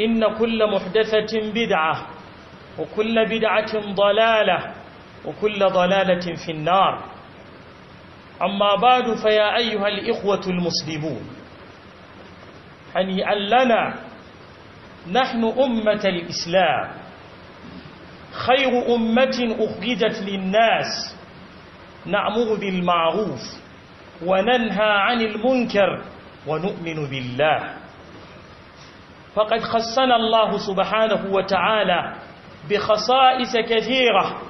إن كل محدثة بدعة وكل بدعة ضلالة وكل ضلالة في النار أما بعد فيا أيها الإخوة المسلمون هنيئا لنا نحن أمة الإسلام خير أمة أخرجت للناس نأمر بالمعروف وننهى عن المنكر ونؤمن بالله فقد خصنا الله سبحانه وتعالى بخصائص كثيرة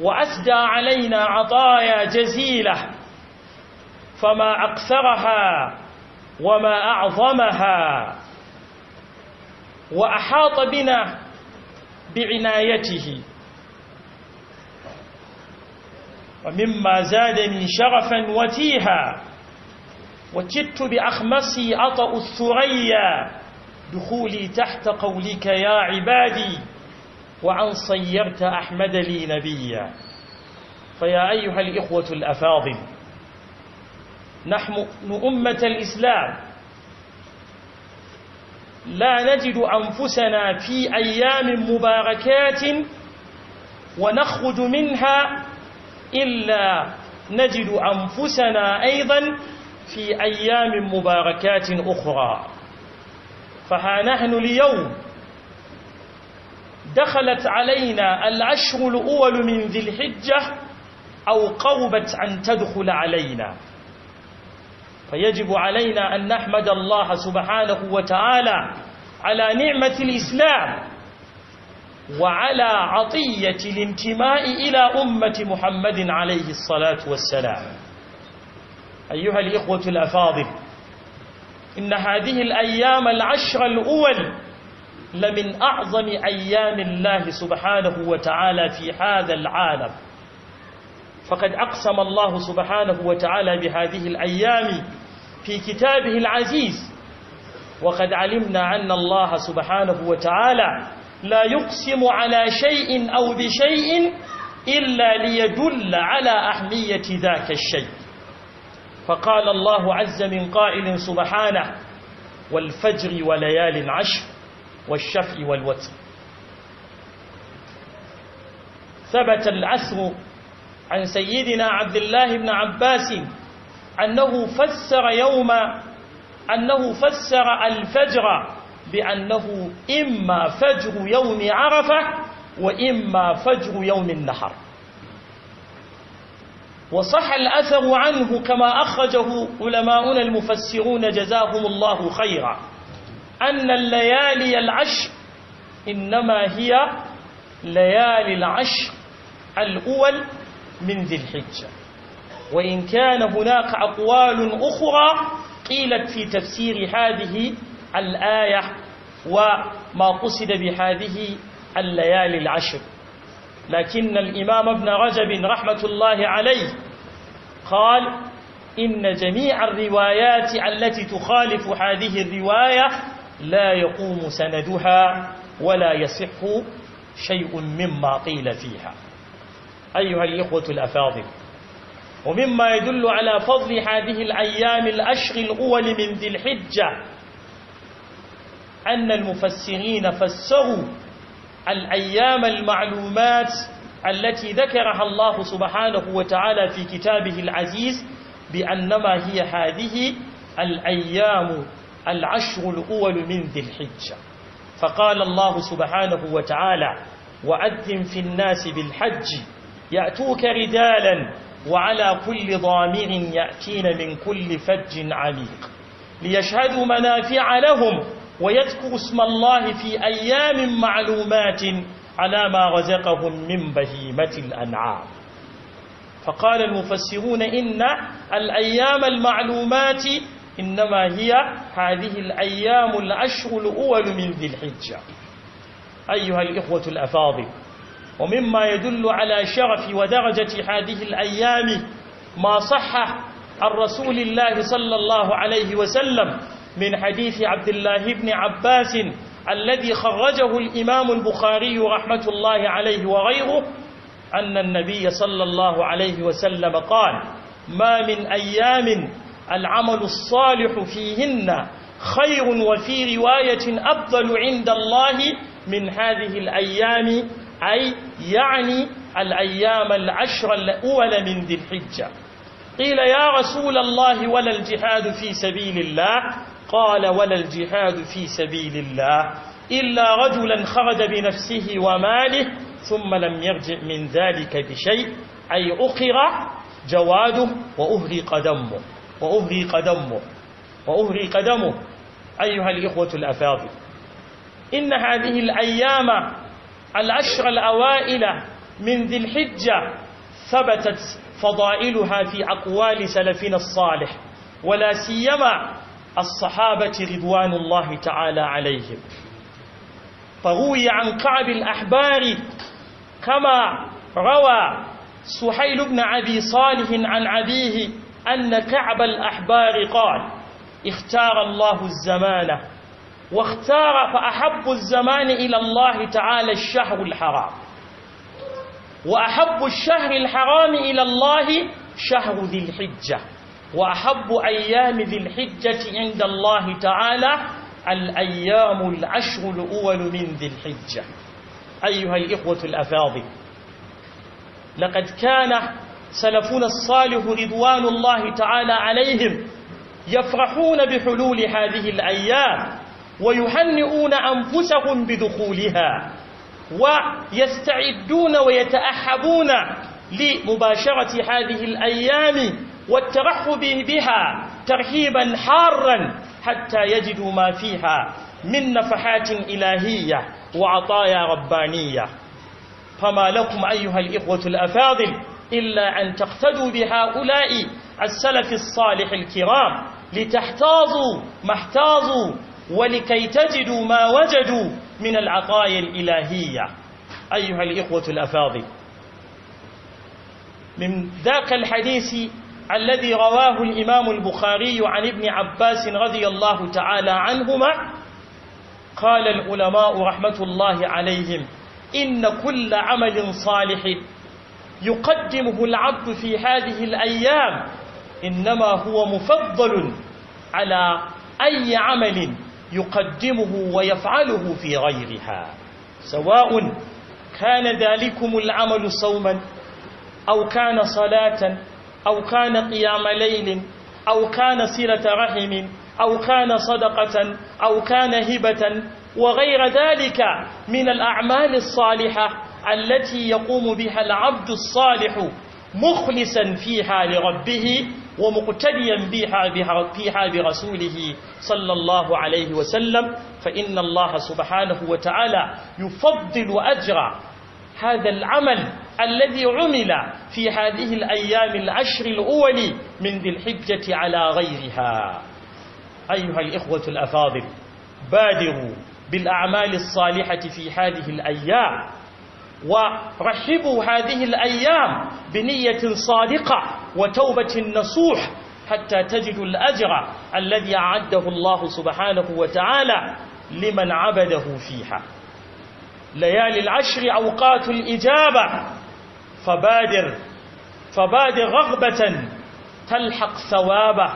وأسدى علينا عطايا جزيلة فما أكثرها وما أعظمها وأحاط بنا بعنايته ومما زادني شرفا وتيها وجدت بأخمسي أطأ الثريا دخولي تحت قولك يا عبادي وعن صيرت أحمد لي نبيا فيا أيها الإخوة الأفاضل نحن أمة الإسلام لا نجد أنفسنا في أيام مباركات ونخرج منها إلا نجد أنفسنا أيضا في أيام مباركات أخرى فها نحن اليوم دخلت علينا العشر الأول من ذي الحجة أو قوبت أن تدخل علينا فيجب علينا أن نحمد الله سبحانه وتعالى على نعمة الإسلام وعلى عطية الانتماء إلى أمة محمد عليه الصلاة والسلام أيها الإخوة الأفاضل إن هذه الأيام العشر الأول لمن أعظم أيام الله سبحانه وتعالى في هذا العالم فقد أقسم الله سبحانه وتعالى بهذه الأيام في كتابه العزيز وقد علمنا أن الله سبحانه وتعالى لا يقسم على شيء أو بشيء إلا ليدل على أهمية ذاك الشيء فقال الله عز من قائل سبحانه والفجر وليال عشر والشفع والوتر ثبت العسر عن سيدنا عبد الله بن عباس أنه فسر يوم أنه فسر الفجر بأنه إما فجر يوم عرفة وإما فجر يوم النحر وصح الأثر عنه كما أخرجه علماؤنا المفسرون جزاهم الله خيرا أن الليالي العشر إنما هي ليالي العشر الأول من ذي الحجة وإن كان هناك أقوال أخرى قيلت في تفسير هذه الآية وما قصد بهذه الليالي العشر لكن الإمام ابن رجب رحمة الله عليه قال إن جميع الروايات التي تخالف هذه الرواية لا يقوم سندها ولا يصح شيء مما قيل فيها أيها الإخوة الأفاضل ومما يدل على فضل هذه الأيام الأشر الأول من ذي الحجة أن المفسرين فسروا الأيام المعلومات التي ذكرها الله سبحانه وتعالى في كتابه العزيز بأنما هي هذه الأيام العشر الأول من ذي الحجة فقال الله سبحانه وتعالى وأذن في الناس بالحج يأتوك رجالا وعلى كل ضامر يأتين من كل فج عميق ليشهدوا منافع لهم ويذكر اسم الله في أيام معلومات على ما رزقهم من بهيمة الأنعام فقال المفسرون إن الأيام المعلومات إنما هي هذه الأيام العشر الأول من ذي الحجة أيها الإخوة الأفاضل ومما يدل على شرف ودرجة هذه الأيام ما صح عن رسول الله صلى الله عليه وسلم من حديث عبد الله بن عباس الذي خرجه الإمام البخاري رحمة الله عليه وغيره أن النبي صلى الله عليه وسلم قال ما من أيام العمل الصالح فيهن خير وفي رواية أفضل عند الله من هذه الأيام أي يعني الأيام العشر الأول من ذي الحجة قيل يا رسول الله ولا الجهاد في سبيل الله قال ولا الجهاد في سبيل الله إلا رجلا خرج بنفسه وماله ثم لم يرجع من ذلك بشيء أي أخر جواده وأهري قدمه وأهري قدمه وأهري قدمه أيها الإخوة الأفاضل إن هذه الأيام العشر الأوائل من ذي الحجة ثبتت فضائلها في أقوال سلفنا الصالح ولا سيما الصحابة رضوان الله تعالى عليهم فروي عن كعب الأحبار كما روى سحيل بن أبي صالح عن أبيه أن كعب الأحبار قال اختار الله الزمان واختار فأحب الزمان إلى الله تعالى الشهر الحرام وأحب الشهر الحرام إلى الله شهر ذي الحجة وأحب أيام ذي الحجة عند الله تعالى الأيام العشر الأول من ذي الحجة أيها الإخوة الأفاضل لقد كان سلفنا الصالح رضوان الله تعالى عليهم يفرحون بحلول هذه الأيام ويهنئون أنفسهم بدخولها ويستعدون ويتأحبون لمباشرة هذه الأيام والترحب بها ترحيبا حارا حتى يجدوا ما فيها من نفحات إلهية وعطايا ربانية فما لكم أيها الإخوة الأفاضل إلا أن تقتدوا بهؤلاء السلف الصالح الكرام لتحتاظوا ما احتاظوا ولكي تجدوا ما وجدوا من العطايا الإلهية أيها الإخوة الأفاضل من ذاك الحديث الذي رواه الإمام البخاري عن ابن عباس رضي الله تعالى عنهما قال العلماء رحمة الله عليهم إن كل عمل صالح يقدمه العبد في هذه الأيام إنما هو مفضل على أي عمل يقدمه ويفعله في غيرها سواء كان ذلكم العمل صوما أو كان صلاة أو كان قيام ليل أو كان صلة رحم أو كان صدقة أو كان هبة وغير ذلك من الأعمال الصالحة التي يقوم بها العبد الصالح مخلصا فيها لربه ومقتديا بها فيها برسوله صلى الله عليه وسلم فإن الله سبحانه وتعالى يفضل أجر هذا العمل الذي عمل في هذه الأيام العشر الأول من ذي الحجة على غيرها أيها الإخوة الأفاضل بادروا بالأعمال الصالحة في هذه الأيام ورحبوا هذه الأيام بنية صادقة وتوبة نصوح حتى تجدوا الأجر الذي أعده الله سبحانه وتعالى لمن عبده فيها ليالي العشر أوقات الإجابة فبادر فبادر رغبة تلحق ثوابه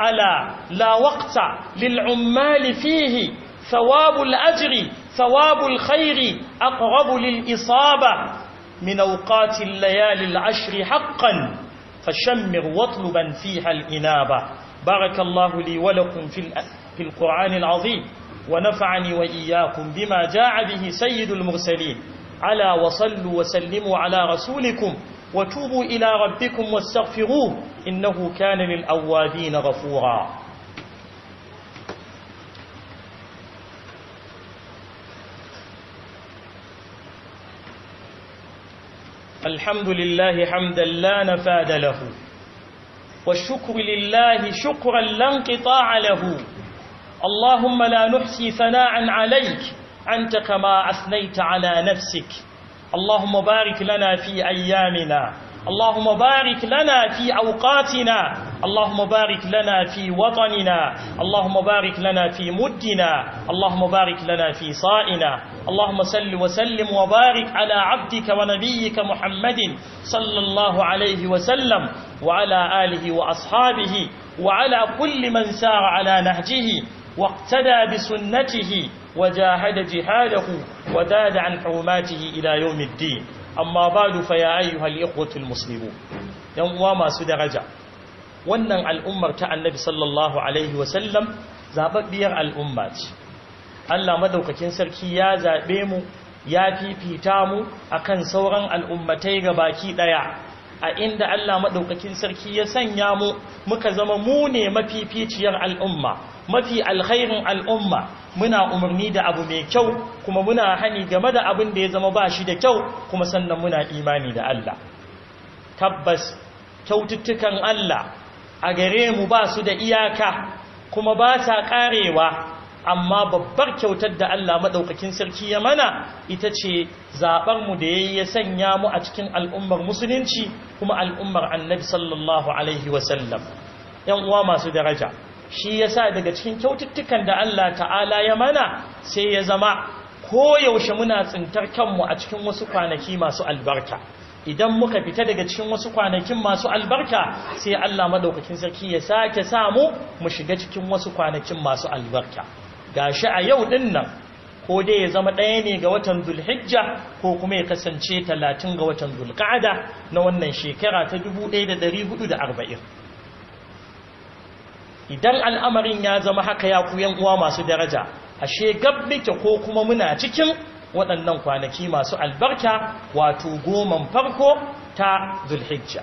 ألا لا وقت للعمال فيه ثواب الأجر ثواب الخير أقرب للإصابة من أوقات الليالي العشر حقا فشمر واطلبا فيها الإنابة بارك الله لي ولكم في القرآن العظيم ونفعني وإياكم بما جاء به سيد المرسلين على وصلوا وسلموا على رسولكم وتوبوا إلى ربكم واستغفروه إنه كان للأوابين غفورا الحمد لله حمدا لا نفاد له والشكر لله شكرا لا انقطاع له اللهم لا نحصي ثناء عليك أنت كما أثنيت على نفسك اللهم بارك لنا في أيامنا اللهم بارك لنا في أوقاتنا اللهم بارك لنا في وطننا اللهم بارك لنا في مدنا اللهم بارك لنا في صائنا اللهم صل وسلم وبارك على عبدك ونبيك محمد صلى الله عليه وسلم وعلى آله وأصحابه وعلى كل من سار على نهجه واقتدى بسنته وجاهد جهاده وداد عن حرماته إلى يوم الدين أما بعد فيا أيها الإخوة المسلمون يوم ما سدرجة wannan al'ummar ta annabi sallallahu alaihi wasallam zababbiyar al'umma ce Allah madaukakin sarki ya zaɓe mu ya fifita mu akan sauran al'ummatai ga baki ɗaya a inda Allah madaukakin sarki ya sanya mu muka zama mu ne mafificiyar al'umma mafi alkhairin al'umma muna umarni da abu mai kyau kuma muna hani game da abin da ya zama ba shi da kyau kuma sannan muna imani da Allah tabbas kyaututtukan Allah a gare mu ba su da iyaka kuma ba sa karewa amma babbar kyautar da Allah madaukakin sarki ya mana ita ce zaɓar mu da ya sanya mu a cikin al'ummar musulunci kuma al'ummar annabi sallallahu alaihi wasallam ‘yan uwa masu daraja shi yasa daga cikin kyaututtukan da Allah ta'ala ya mana sai ya zama koyaushe muna tsintar kanmu a cikin wasu kwanaki masu albarka idan muka fita daga cikin wasu kwanakin masu albarka sai Allah madaukakin sarki ya sake samu mu shiga cikin wasu kwanakin masu albarka gashi a yau din nan ko dai ya zama ɗaya ne ga watan Zulhijja ko kuma ya kasance talatin ga watan Zulqa'ada na wannan shekara ta 1440 idan al'amarin ya zama haka ya ku uwa masu daraja ashe gab ko kuma muna cikin waɗannan kwanaki masu albarka wato goman farko ta zulhijja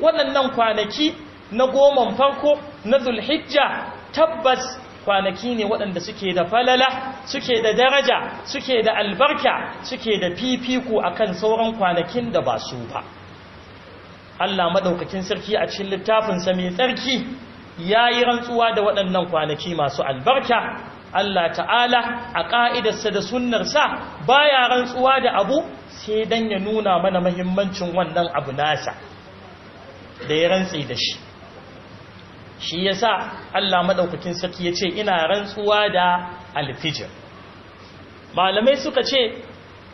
waɗannan kwanaki na goman farko na zulhijja tabbas kwanaki ne waɗanda suke da falala suke da daraja suke da albarka suke da fifiko akan sauran kwanakin da ba su ba Allah maɗaukakin sarki a cikin littafinsa mai tsarki ya yi rantsuwa da waɗannan kwanaki masu albarka Allah ta'ala a ƙa'idarsa da sunnarsa ba ya rantsuwa da abu sai don ya nuna mana mahimmancin wannan abu nasa da ya rantsi da shi shi ya sa Allah maɗaukakin sarki ya ce ina rantsuwa da alfijir malamai suka ce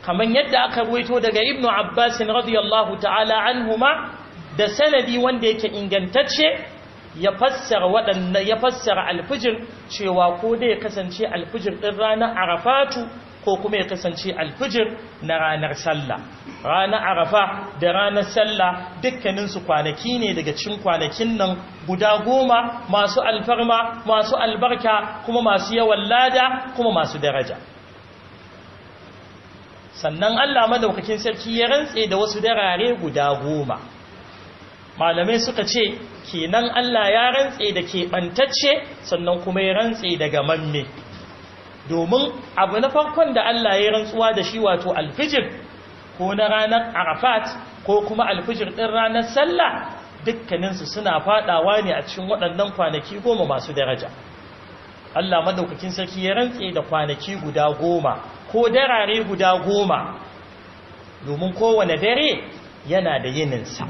kamar yadda aka ruwaito daga ibnu abbasin radiyallahu ta'ala huma da sanadi wanda yake ingantacce ya fassara waɗannan ya fassara alfijir cewa ko dai ya kasance alfijir ɗin ranar arafatu ko kuma ya kasance alfijir na ranar sallah ranar arafa da ranar sallah dukkaninsu kwanaki ne daga cikin kwanakin nan guda goma masu alfarma masu albarka kuma masu yawan lada kuma masu daraja sannan allah madaukakin sarki ya rantse da wasu darare guda goma malamai suka ce kenan Allah ya rantse da keɓantacce sannan kuma ya rantse daga mamme, domin abu na farkon da Allah ya rantsuwa da shi wato alfijir ko na ranar arafat ko kuma alfijir ɗin ranar sallah dukkaninsu suna faɗawa ne a cikin waɗannan kwanaki goma masu daraja Allah madaukakin sarki ya rantse da kwanaki guda goma ko darare guda goma domin kowane dare yana da yininsa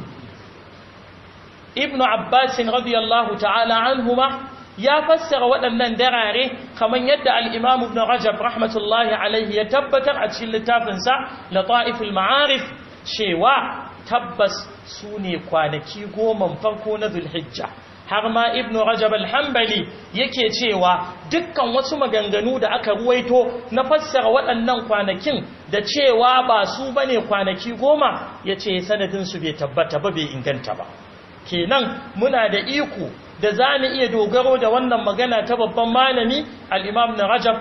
ibnu abbasin radiyallahu ta'ala huma ya fassara waɗannan darare kamar yadda al'imam ibn rajab rahmatullahi alaihi ya tabbatar a cikin littafinsa na ta'iful ma'arif cewa tabbas su ne kwanaki goman farko na zulhijja har ma ibn rajab alhambali yake cewa dukkan wasu maganganu da aka ruwaito na fassara waɗannan kwanakin da cewa ba su bane kwanaki goma ya ce sanadinsu bai tabbata ba bai inganta ba kenan muna da iko da za mu iya dogaro da wannan magana ta babban malami al'imam na rajab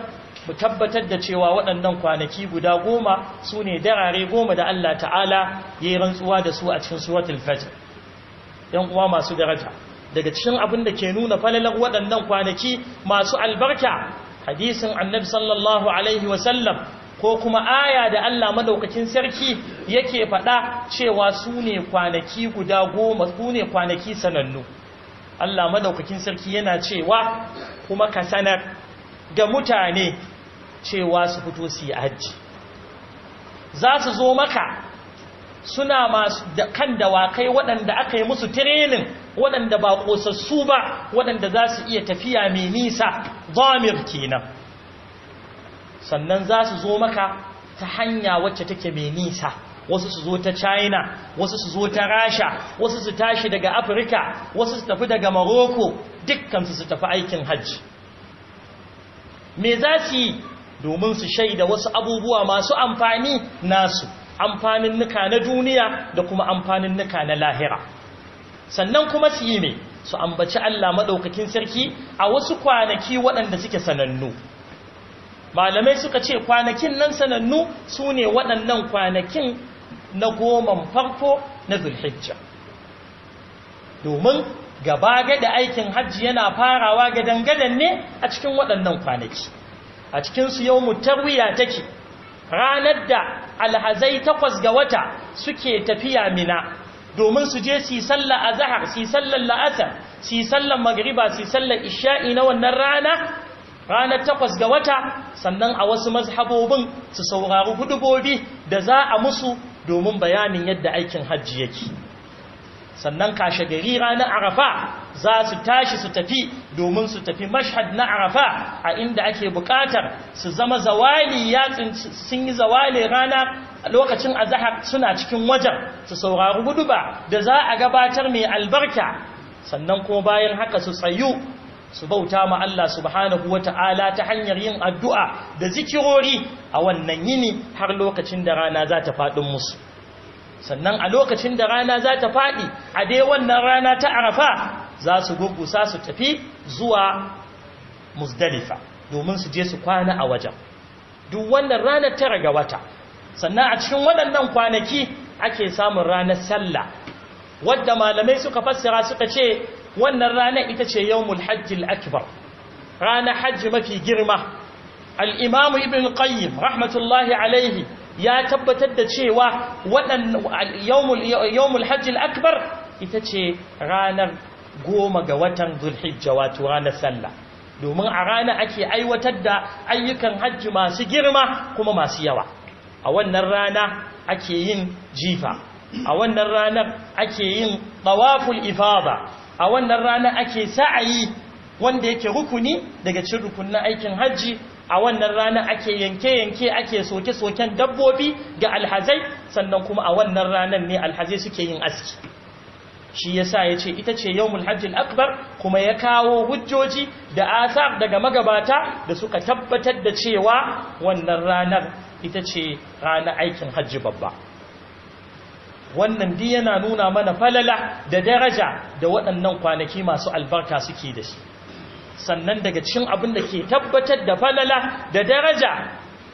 mu tabbatar da cewa waɗannan kwanaki guda goma su ne darare goma da Allah ta'ala ya yi rantsuwa da su a cikin suratul fajr ‘yan uwa masu daraja daga cikin abin da ke nuna falalar waɗannan kwanaki masu albarka hadisin annabi sallallahu alaihi wasallam ko kuma aya da Allah madaukakin sarki yake faɗa cewa su ne kwanaki guda goma su ne kwanaki sanannu Allah madaukakin sarki yana cewa kuma ka sanar ga mutane cewa su fito su yi hajji za su zo maka suna masu kan dawakai waɗanda aka yi musu tirenin waɗanda ba ƙosassu ba waɗanda za su iya tafiya mai nisa zamir kenan sannan za su zo maka ta hanya wacce take mai nisa wasu su zo ta china wasu su zo ta rasha wasu su tashi daga afirka wasu su tafi daga maroko dukkan su tafi aikin hajji me za su yi domin su shaida wasu abubuwa masu amfani nasu amfanin nuka na duniya da kuma amfanin nuka na lahira sannan kuma su yi mai su ambaci allah maɗaukakin sarki a wasu kwanaki waɗanda suke sanannu malamai suka ce kwanakin nan sanannu su ne waɗannan kwanakin na goman farko na zulhijja domin gaba gada aikin hajji yana farawa ga dangadan ne a cikin waɗannan kwanaki a cikinsu yau mutarwiya take ranar da alhazai takwas ga wata suke tafiya mina domin su je su yi sallar azahar su yi sallar la'asar su yi sallar magriba su yi sallar isha'i na wannan rana ranar takwas ga wata sannan a wasu mazhabobin su saurari hudubobi da za a musu domin bayanin yadda aikin hajji yake sannan kashe gari ranar arafa za su tashi su tafi domin su tafi mashhad na arafa a inda ake bukatar su zama zawali ya sun yi zawali rana lokacin azahar suna cikin wajen su saurari guduba da za a gabatar mai albarka sannan kuma bayan haka su tsayu su bauta ma Allah subhanahu wata'ala ta hanyar yin addu'a da zikirori a wannan yini har lokacin da rana za ta faɗin musu sannan a lokacin da rana za ta faɗi a dai wannan rana ta arafa za su gugusa su tafi zuwa musdalifa domin su je su kwana a wajen duk wannan ranar tara ga wata sannan a cikin waɗannan kwanaki ake samun ranar sallah wadda malamai suka fassara suka ce wannan rana ita ce yawmul hajjil akbar rana hajji mafi girma al-imamu ibn qayyim rahmatullahi alaihi ya tabbatar da cewa waɗannan yawmul hajjil akbar ita ce ranar goma ga watan zulhijja wato ranar sallah domin a rana ake aiwatar da ayyukan hajji masu girma kuma masu yawa a wannan rana ake yin jifa a wannan ranar ake yin tawaful ifada a wannan rana ake sa'ayi wanda yake rukuni daga cikin rukunin aikin hajji a wannan rana ake yanke-yanke ake soke-soken dabbobi ga alhazai sannan kuma a wannan ranar ne alhazai suke yin aski shi yasa ya ce ita ce yawmul hajjil akbar kuma ya kawo hujjoji da asar daga magabata da suka tabbatar da cewa wannan ranar ita ce ranar aikin hajji babba wannan duk yana nuna mana falala da daraja da waɗannan kwanaki masu albarka suke da shi sannan daga cikin abin da ke tabbatar da falala da daraja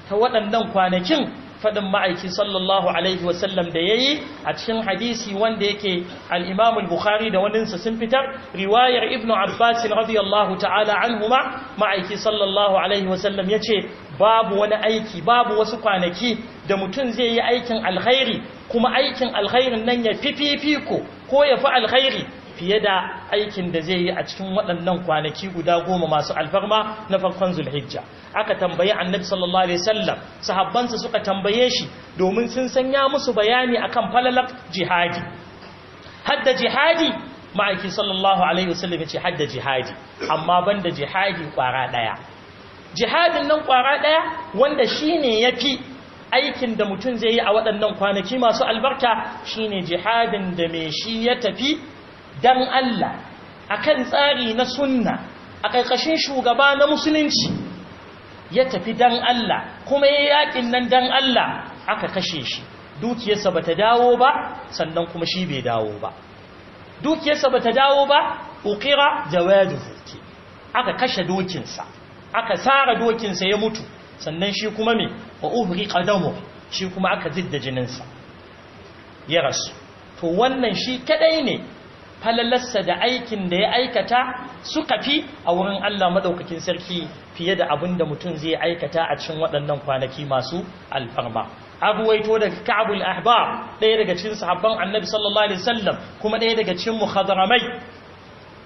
ta waɗannan kwanakin faɗin ma'aiki sallallahu alaihi wasallam da ya yi a cikin hadisi wanda yake al'imamul bukhari da waninsa sun fitar riwayar ibnu abbasin radiyallahu ta'ala an huma ma'aiki sallallahu alaihi wasallam ya ce babu wani aiki babu wasu kwanaki da mutum zai yi aikin alkhairi kuma aikin alkhairin nan ya fi fifiko ko ya fi alkhairi fiye da aikin da zai yi a cikin waɗannan kwanaki guda goma masu alfarma na farkon zulhijja aka tambayi annabi sallallahu alaihi wasallam sahabbansa suka tambaye shi domin sun san ya musu bayani akan falalak jihadi hadda jihadi ma'aiki sallallahu alaihi wasallam ce hadda jihadi amma banda jihadi kwara daya jihadin nan kwara daya wanda shine yafi aikin da mutum zai yi a waɗannan kwanaki masu albarka shine jihadin da mai shi ya tafi dan Allah A kan tsari na sunna a ƙarƙashin shugaba na musulunci ya tafi dan Allah kuma ya yaƙin nan dan Allah aka kashe shi dukiyarsa ta dawo ba sannan kuma shi bai dawo ba dukiyarsa ta dawo ba uqira jawaduhu aka kashe dokinsa aka tsara dokinsa ya mutu sannan shi kuma me wa uhri qadamu shi kuma aka zidda jininsa ya rasu to wannan shi kadai ne falalarsa da aikin da ya aikata suka fi a wurin Allah madaukakin sarki fiye da abin da mutum zai aikata a cikin waɗannan kwanaki masu alfarma abuwaito daga ka'abul ahbar ɗaya daga cikin sahabban annabi sallallahu alaihi wasallam kuma ɗaya daga cikin muhadaramai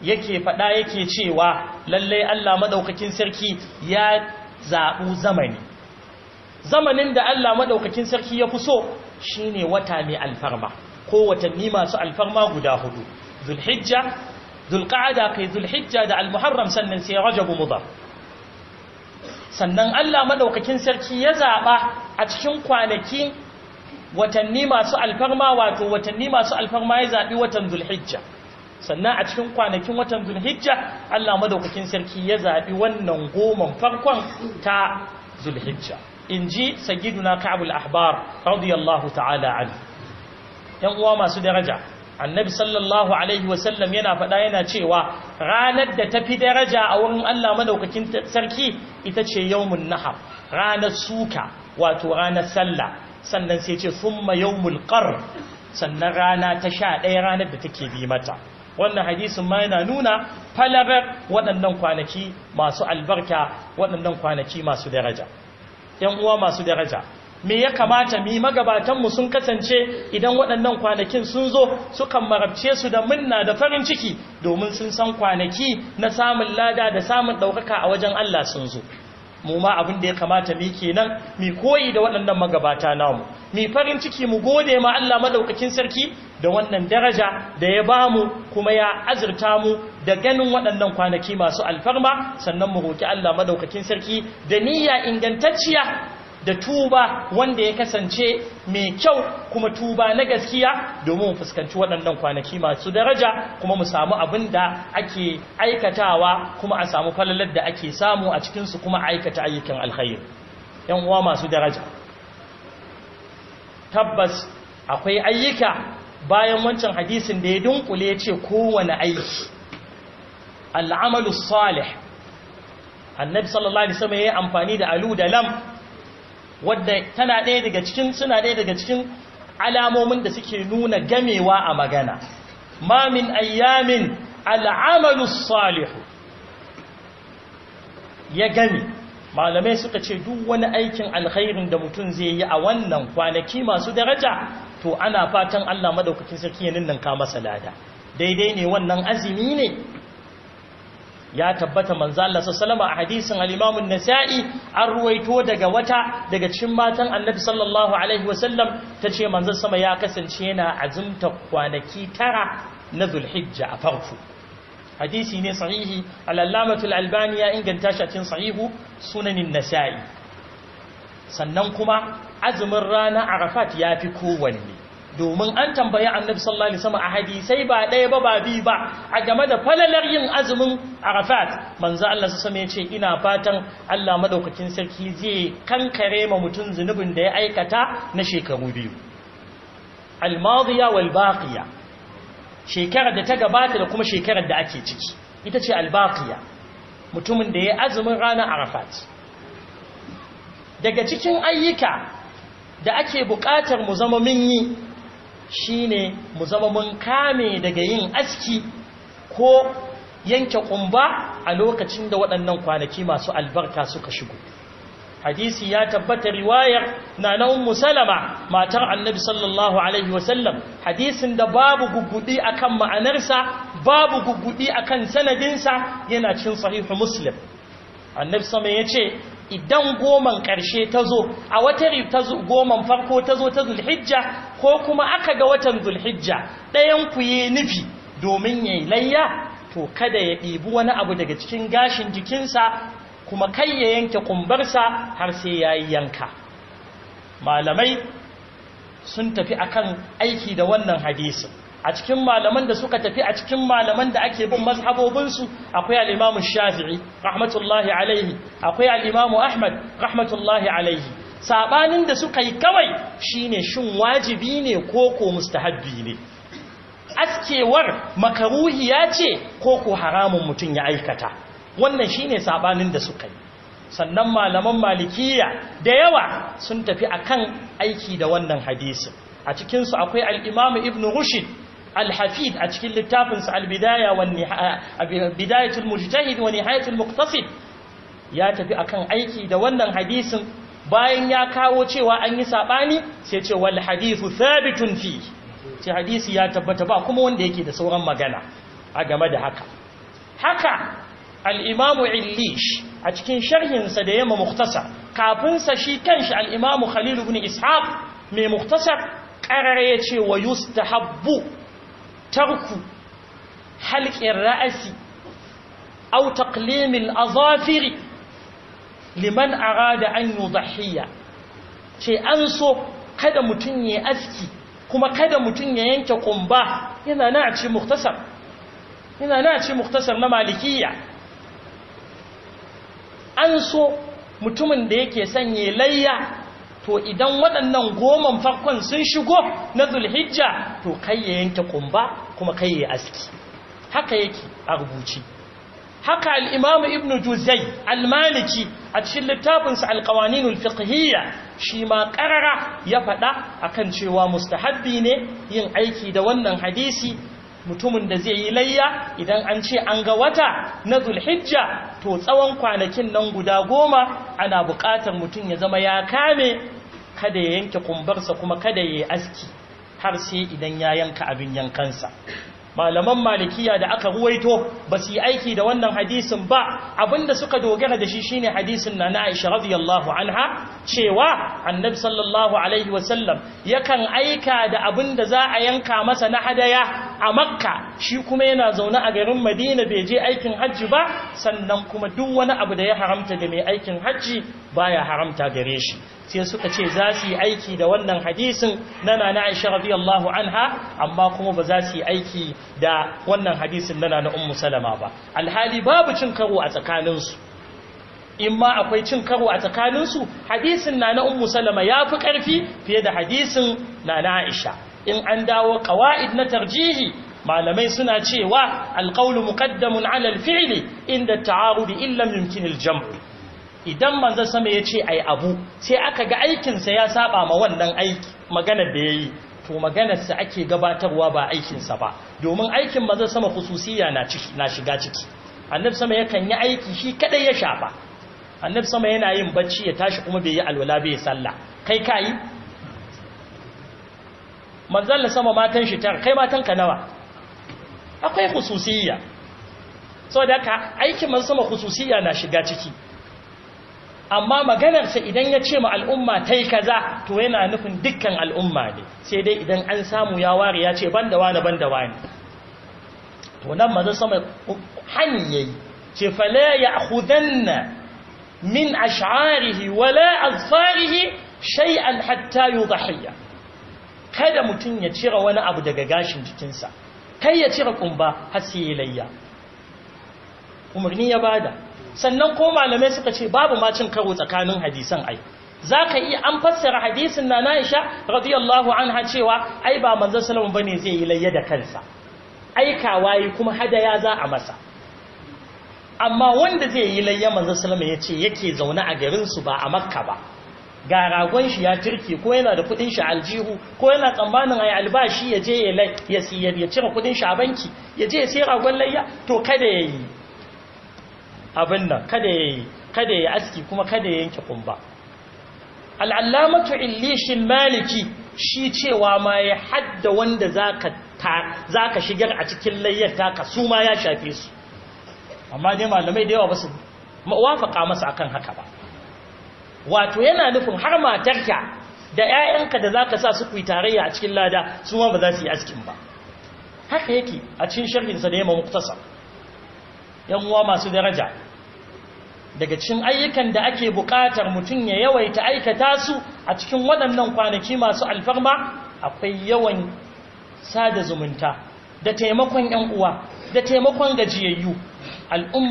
yake faɗa yake cewa lallai Allah madaukakin sarki ya zaɓu zamani zamanin da Allah maɗaukakin sarki ya fi so shine wata mai alfarma ko watanni masu alfarma guda hudu zulhijja zulqa'ada kai zulhijja da almuharram sannan sai rajabu mudar sannan Allah maɗaukakin sarki ya zaɓa a cikin kwanaki watanni masu alfarma wato watanni masu alfarma ya zaɓi watan zulhijja sannan a cikin kwanakin watan zulhijja Allah madaukakin sarki ya zaɓi wannan goman farkon ta zulhijja in ji sagiduna ka'abul ahbar radiyallahu ta'ala yan uwa masu daraja annabi sallallahu alaihi wasallam yana faɗa yana cewa ranar da tafi daraja a wurin Allah madaukakin sarki ita ce yawmun nahar ranar suka wato ranar sallah sannan sai ce summa yawmul qar sannan rana ta sha ɗaya ranar da take bi mata wannan hadisin ma yana nuna falarar waɗannan kwanaki masu albarka waɗannan kwanaki masu daraja ‘yan uwa masu daraja me ya kamata mi magabatanmu sun kasance idan waɗannan kwanakin sun zo sukan marabce su da minna da farin ciki domin sun san kwanaki na samun lada da samun ɗaukaka a wajen Allah sun zo mu ma abin da ya kamata mi kenan mi koyi da waɗannan magabata namu Mi farin ciki mu gode ma Allah madaukakin sarki da wannan daraja da ya ba mu kuma ya azurta mu da ganin waɗannan kwanaki masu alfarma sannan mu roki Allah madaukakin sarki da niyya ingantacciya da tuba wanda ya kasance mai kyau kuma tuba na gaskiya domin mu fuskanci waɗannan kwanaki masu daraja kuma mu samu abin da ake aikatawa kuma a samu falalar da ake samu a cikinsu kuma aikata ayyukan alkhairi yan uwa masu daraja tabbas akwai ayyuka bayan wancan hadisin da ya dunkule ya ce kowane aiki al'amalu salih annabi sallallahu alaihi wasallam ya yi amfani da alu da lam wadda tana ɗaya daga cikin suna ɗaya daga cikin alamomin da suke nuna gamewa a magana ma min ayyamin al'amalu salihu ya gami malamai suka ce duk wani aikin alkhairin da mutum zai yi a wannan kwanaki masu daraja to ana fatan Allah madaukakin sarki ya ka masa lada daidai ne wannan azumi ne ya tabbata manzo Allah sallallahu a hadisin al-Imam an-Nasa'i an ruwaito daga wata daga cikin matan Annabi sallallahu alaihi wasallam tace manzo sama ya kasance yana azumta kwanaki tara na Zulhijja a farko hadisi ne sahihi al-Allamah al-Albani ya inganta shi a cikin sahihu sunanin Nasa'i sannan kuma azumin rana arafat ya fi kowanne domin an tambayi annabi sallallahu alaihi wasallam a hadisai ba ɗaya ba ba bi ba a game da falalar yin azumin arafat manzo Allah sallallahu alaihi wasallam ya ce ina fatan Allah madaukakin sarki zai kankare ma mutun zunubin da ya aikata na shekaru biyu al-madiya wal baqiya shekarar da ta gabata da kuma shekarar da ake ciki ita ce al-baqiya mutumin da ya azumin ranar arafat daga cikin ayyuka da ake buƙatar mu zama mun yi shi ne mu zama mun kame daga yin aski ko yanke ƙumba a lokacin da waɗannan kwanaki masu albarka suka shigo hadisi ya tabbata riwayar na na musalama matar annabi sallallahu alaihi wasallam hadisin da babu gugudi kan ma'anarsa babu gugudi kan sanadinsa yana cin sahihu muslim annabi sama ya ce idan goman ƙarshe ta zo a wata goman farko ta zo ta zulhijja ko kuma aka ga watan zulhijja ɗayan ku yi nufi domin ya yi layya to kada ya ɗibi wani abu daga cikin gashin jikinsa kuma kai ya yanke kumbarsa har sai ya yi yanka malamai sun tafi akan aiki da wannan hadisin a cikin malaman da suka tafi a cikin malaman da ake bin mazhabobinsu akwai al'imamu shafi'i rahmatullahi alaihi akwai al'imamu ahmad rahmatullahi alaihi saɓanin da suka yi kawai shine shin wajibi ne ko ko mustahabbi ne askewar makaruhi ya ce ko ko haramun mutum ya aikata wannan shine saɓanin da suka yi sannan malaman malikiya da yawa sun tafi akan aiki da wannan hadisin a cikinsu akwai al'imamu ibn rushid al a cikin littafinsa al-bidaya wa bidayatul mujtahid wa nihayatul muqtasid ya tafi akan aiki da wannan hadisin bayan ya kawo cewa an yi sabani sai ce wal hadithu thabitun fi ce hadisi ya tabbata ba kuma wanda yake da sauran magana a game da haka haka Al'imamu imamu illish a cikin sharhinsa da yamma mukhtasar kafin sa shi kanshi al-imamu khalil ibn ishaq mai mukhtasar qarare ya ce wa habbu. tarku halƙin ra'asi au taqlimil azafiri liman arada an zahiyya ce an so kada mutum ya aski kuma kada mutum ya yanke ƙumba yana na ce muktasar yana na a ce muktasar na malikiya an so mutumin da yake sanye layya to idan waɗannan goman farkon sun shigo na zulhijja to kai ya yanke ƙumba kuma kai ya aski haka yake a rubuci haka al'imamu ibn juzai al-maliki a cikin littafinsa alkawaninul fiqhiyya shi ma ƙarara ya faɗa a kan cewa mustahabbi ne yin aiki da wannan hadisi mutumin da zai yi layya idan an ce an ga wata na zulhijja to tsawon kwanakin nan guda goma ana buƙatar mutum ya zama ya kame kada ya yanke kumbarsa kuma kada ya yi aski har sai idan ya yanka abin yankansa malaman malikiya da aka ruwaito ba su yi aiki da wannan hadisin ba abinda suka dogara da shi shine hadisin na Aisha radiyallahu anha cewa annabi sallallahu alaihi wasallam yakan aika da abinda za a yanka masa na hadaya a makka shi kuma yana zaune a garin madina bai je aikin hajji ba sannan kuma duk wani abu da ya haramta da mai aikin hajji baya haramta gare shi sai suka ce za su yi aiki da wannan hadisin na Aisha radiyallahu anha amma kuma ba za su yi aiki da wannan hadisin na nana Ummu Salama ba alhali babu cin karo a tsakanin su in ma akwai cin karo a tsakanin su hadisin nana Ummu Salama yafi karfi fiye da hadisin nana Aisha in an dawo qawaid na tarjihi malamai suna cewa alqawlu muƙaddamun ala alfi'li inda ta'arud illa yumkin aljam' idan manzo sama ce ai abu sai aka ga aikinsa ya saba ma wannan aiki magana da yayi to maganarsa ake gabatarwa ba aikinsa ba domin aikin manzo sama khususiya na shiga ciki annabi sama yakan yi aiki shi kadai ya shafa annabi sama yana yin bacci ya tashi kuma bai yi alwala bai sallah kai yi. manzalla sama matan shi tar kai matan ka nawa akwai khususiyya so da ka aikin man sama khususiyya na shiga ciki amma maganarsa idan ya ce ma al'umma ta yi kaza to yana nufin dukkan al'umma ne sai dai idan an samu ya ware ya ce ban da wani ban da wani to nan mazan sama hanyayi ya yi ce fala ya hudanna min asharihi wala azfarihi shay'an hatta yudhiya kada mutum ya cire wani abu daga gashin jikinsa kai ya cire kumba har sai ya layya umarni ya bada sannan ko malamai suka ce babu ma cin karo tsakanin hadisan ai zaka iya an fassara hadisin na Aisha radiyallahu anha cewa ai ba manzo sallallahu bane zai yi layya da kansa aikawa wayi kuma hadaya za a masa amma wanda zai yi layya manzo sallallahu ya yace yake zaune a garin su ba a Makka ba ga ragon shi ya turke ko yana da kudin shi aljihu ko yana tsammanin ai albashi ya je ya siya ya cire kudin shi a banki ya je ya sai ragon layya to kada ya yi abin nan kada ya yi kada ya aski kuma kada ya yanke kumba al'allamatu illishin maliki shi cewa ma ya hadda wanda za ka shigar a cikin layyar taka su ma ya shafe su amma dai malamai da yawa ba su mawafaka masa akan haka ba wato yana nufin har matarka da 'ya'yanka da za ka sa su kuyi tarayya a cikin lada su ma ba za su yi askin ba haka yake a cikin sharhinsa da yamma muktasar yan uwa masu daraja daga cikin ayyukan da ake buƙatar mutum ya yawaita aikata su a cikin waɗannan kwanaki masu alfarma akwai yawan sada zumunta da taimakon yan uwa da taimakon gajiyayyu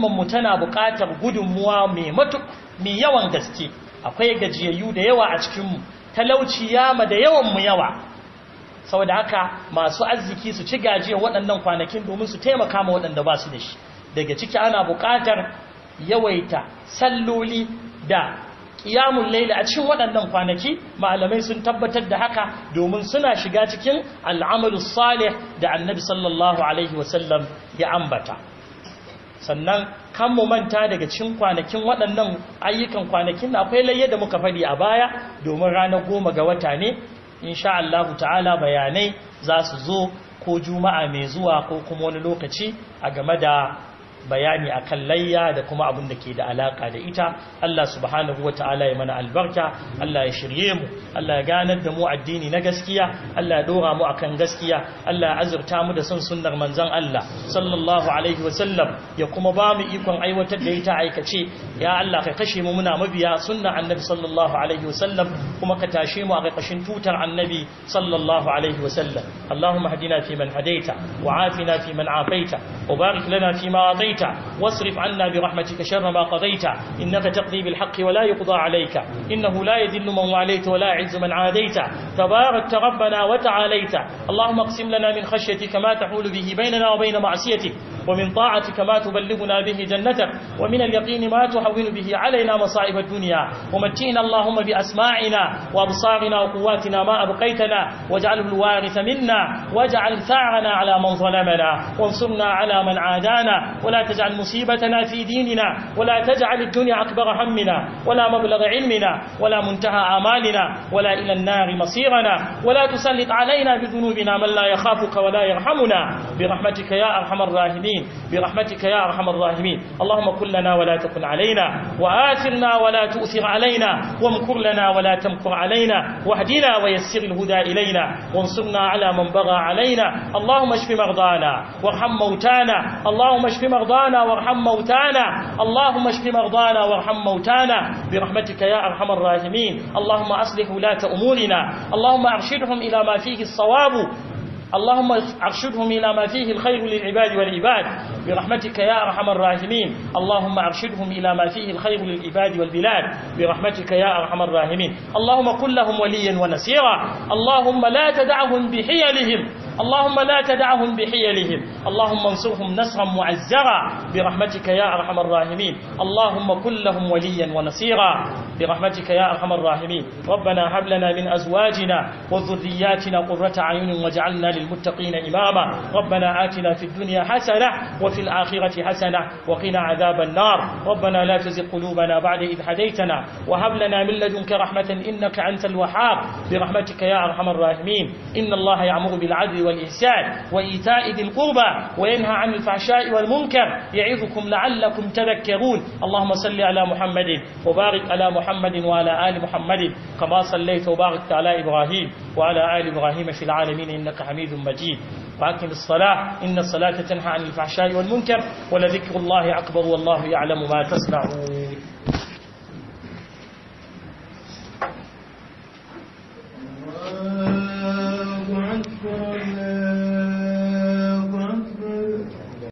mu tana buƙatar gudunmuwa mai yawan gaske akwai gajiyayyu da yawa a cikinmu talauci yama da yawanmu yawa saboda haka masu arziki su ci gajiyar waɗannan kwanakin domin su taimaka ma waɗanda ba su da shi daga ciki ana buƙatar yawaita salloli da ƙiyamun laila a cikin waɗannan kwanaki malamai sun tabbatar da haka domin suna shiga cikin al'amalu salih da annabi sallallahu alaihi wasallam ya ambata sannan kan mu manta daga cikin kwanakin waɗannan ayyukan kwanakin akwai layya da muka faɗi a baya domin rana goma ga wata ne insha Allah ta'ala bayanai za su zo ko juma'a mai zuwa ko kuma wani lokaci a game da bayani akan layya da kuma abin da ke da alaka da ita Allah subhanahu wata'ala ya mana albarka Allah ya shirye mu Allah ya ganar da mu addini na gaskiya Allah ya dora mu akan gaskiya Allah ya azurta mu da son sunnar manzon Allah sallallahu alaihi wa sallam ya kuma ba mu ikon aiwatar da ita aikace ya Allah kai kashe mu muna mabiya sunnar annabi sallallahu alaihi wa sallam kuma ka tashe mu a ƙarƙashin tutar annabi sallallahu alaihi wa sallam Allahumma hadina fi man hadaita wa afina fi man afaita wa barik lana fi ma قضيت واصرف عنا برحمتك شر ما قضيت إنك تقضي بالحق ولا يقضى عليك إنه لا يذل من وعليت ولا يعز من عاديت تباركت ربنا وتعاليت اللهم اقسم لنا من خشيتك ما تحول به بيننا وبين معصيتك ومن طاعتك ما تبلغنا به جنتك ومن اليقين ما تحول به علينا مصائب الدنيا ومتئنا اللهم بأسماعنا وأبصارنا وقواتنا ما أبقيتنا واجعله الوارث منا واجعل ثارنا على من ظلمنا وانصرنا على من عادانا ولا لا تجعل مصيبتنا في ديننا ولا تجعل الدنيا أكبر همنا ولا مبلغ علمنا ولا منتهى آمالنا ولا إلى النار مصيرنا ولا تسلط علينا بذنوبنا من لا يخافك ولا يرحمنا برحمتك يا أرحم الراحمين برحمتك يا أرحم الراحمين اللهم كن لنا ولا تكن علينا وآثرنا ولا تؤثر علينا وامكر لنا ولا تمكر علينا واهدنا ويسر الهدى إلينا وانصرنا على من بغى علينا اللهم اشف مرضانا وارحم موتانا اللهم اشف مرضانا مرضانا وارحم موتانا اللهم اشف مرضانا وارحم موتانا برحمتك يا أرحم الراحمين اللهم أصلح ولاة أمورنا اللهم أرشدهم إلى ما فيه الصواب اللهم ارشدهم إلى ما فيه الخير للعباد والعباد برحمتك يا أرحم الراحمين اللهم ارشدهم إلى ما فيه الخير للعباد والبلاد برحمتك يا أرحم الراحمين اللهم كن لهم وليا ونسيرا اللهم لا تدعهم بحيلهم اللهم لا تدعهم بحيلهم اللهم انصرهم نصرا معزرا برحمتك يا أرحم الراحمين اللهم كن لهم وليا ونصيرا برحمتك يا أرحم الراحمين ربنا هب لنا من أزواجنا وذرياتنا قرة أعين واجعلنا للمتقين إماما ربنا آتنا في الدنيا حسنة وفي الآخرة حسنة وقنا عذاب النار ربنا لا تزغ قلوبنا بعد إذ هديتنا وهب لنا من لدنك رحمة إنك أنت الوهاب برحمتك يا أرحم الراحمين إن الله يعمر بالعدل والإحسان وإيتاء ذي القربى وينهى عن الفحشاء والمنكر يعظكم لعلكم تذكرون اللهم صل على محمد وبارك على محمد وعلى آل محمد كما صليت وباركت على إبراهيم وعلى آل إبراهيم في العالمين إنك حميد مجيد وأقم الصلاة إن الصلاة تنهى عن الفحشاء والمنكر ولذكر الله أكبر والله يعلم ما تصنعون